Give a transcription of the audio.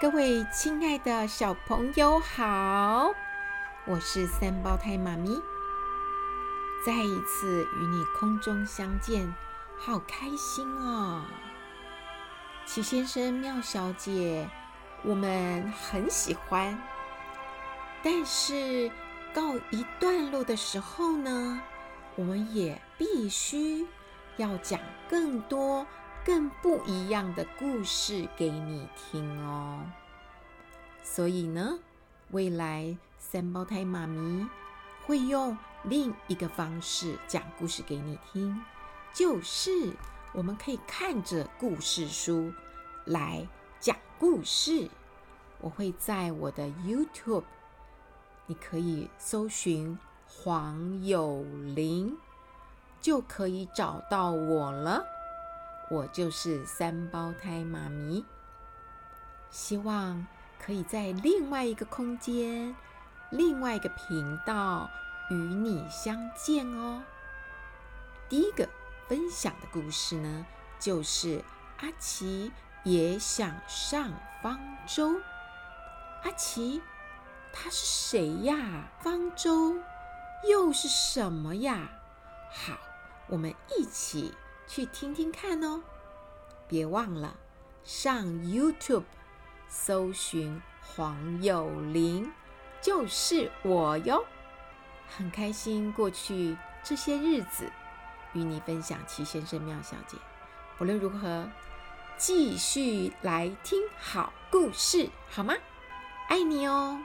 各位親愛的小朋友好，我是三胞胎媽咪，再一次與你空中相見，好開心哦！齊先生、妙小姐，我們很喜歡，但是告一段落的時候呢，我們也必須要講更多。更不一樣的故事給你聽哦。所以呢，未來三胞胎媽咪會用另一個方式講故事給你聽，就是我們可以看着故事書來講故事。我會在我的 YouTube，你可以搜尋黃友玲，就可以找到我了。我就是三胞胎媽咪，希望可以在另外一個空間、另外一個頻道與你相見哦。第一個分享的故事呢，就是阿奇也想上方舟。阿奇，他是誰呀？方舟又是什麼呀？好，我們一起。去聽聽看哦，別忘了上 YouTube 搜尋黃友玲，就是我喲。很開心過去這些日子與你分享《奇先生妙小姐》，不論如何，繼續來聽好故事，好嗎？愛你哦。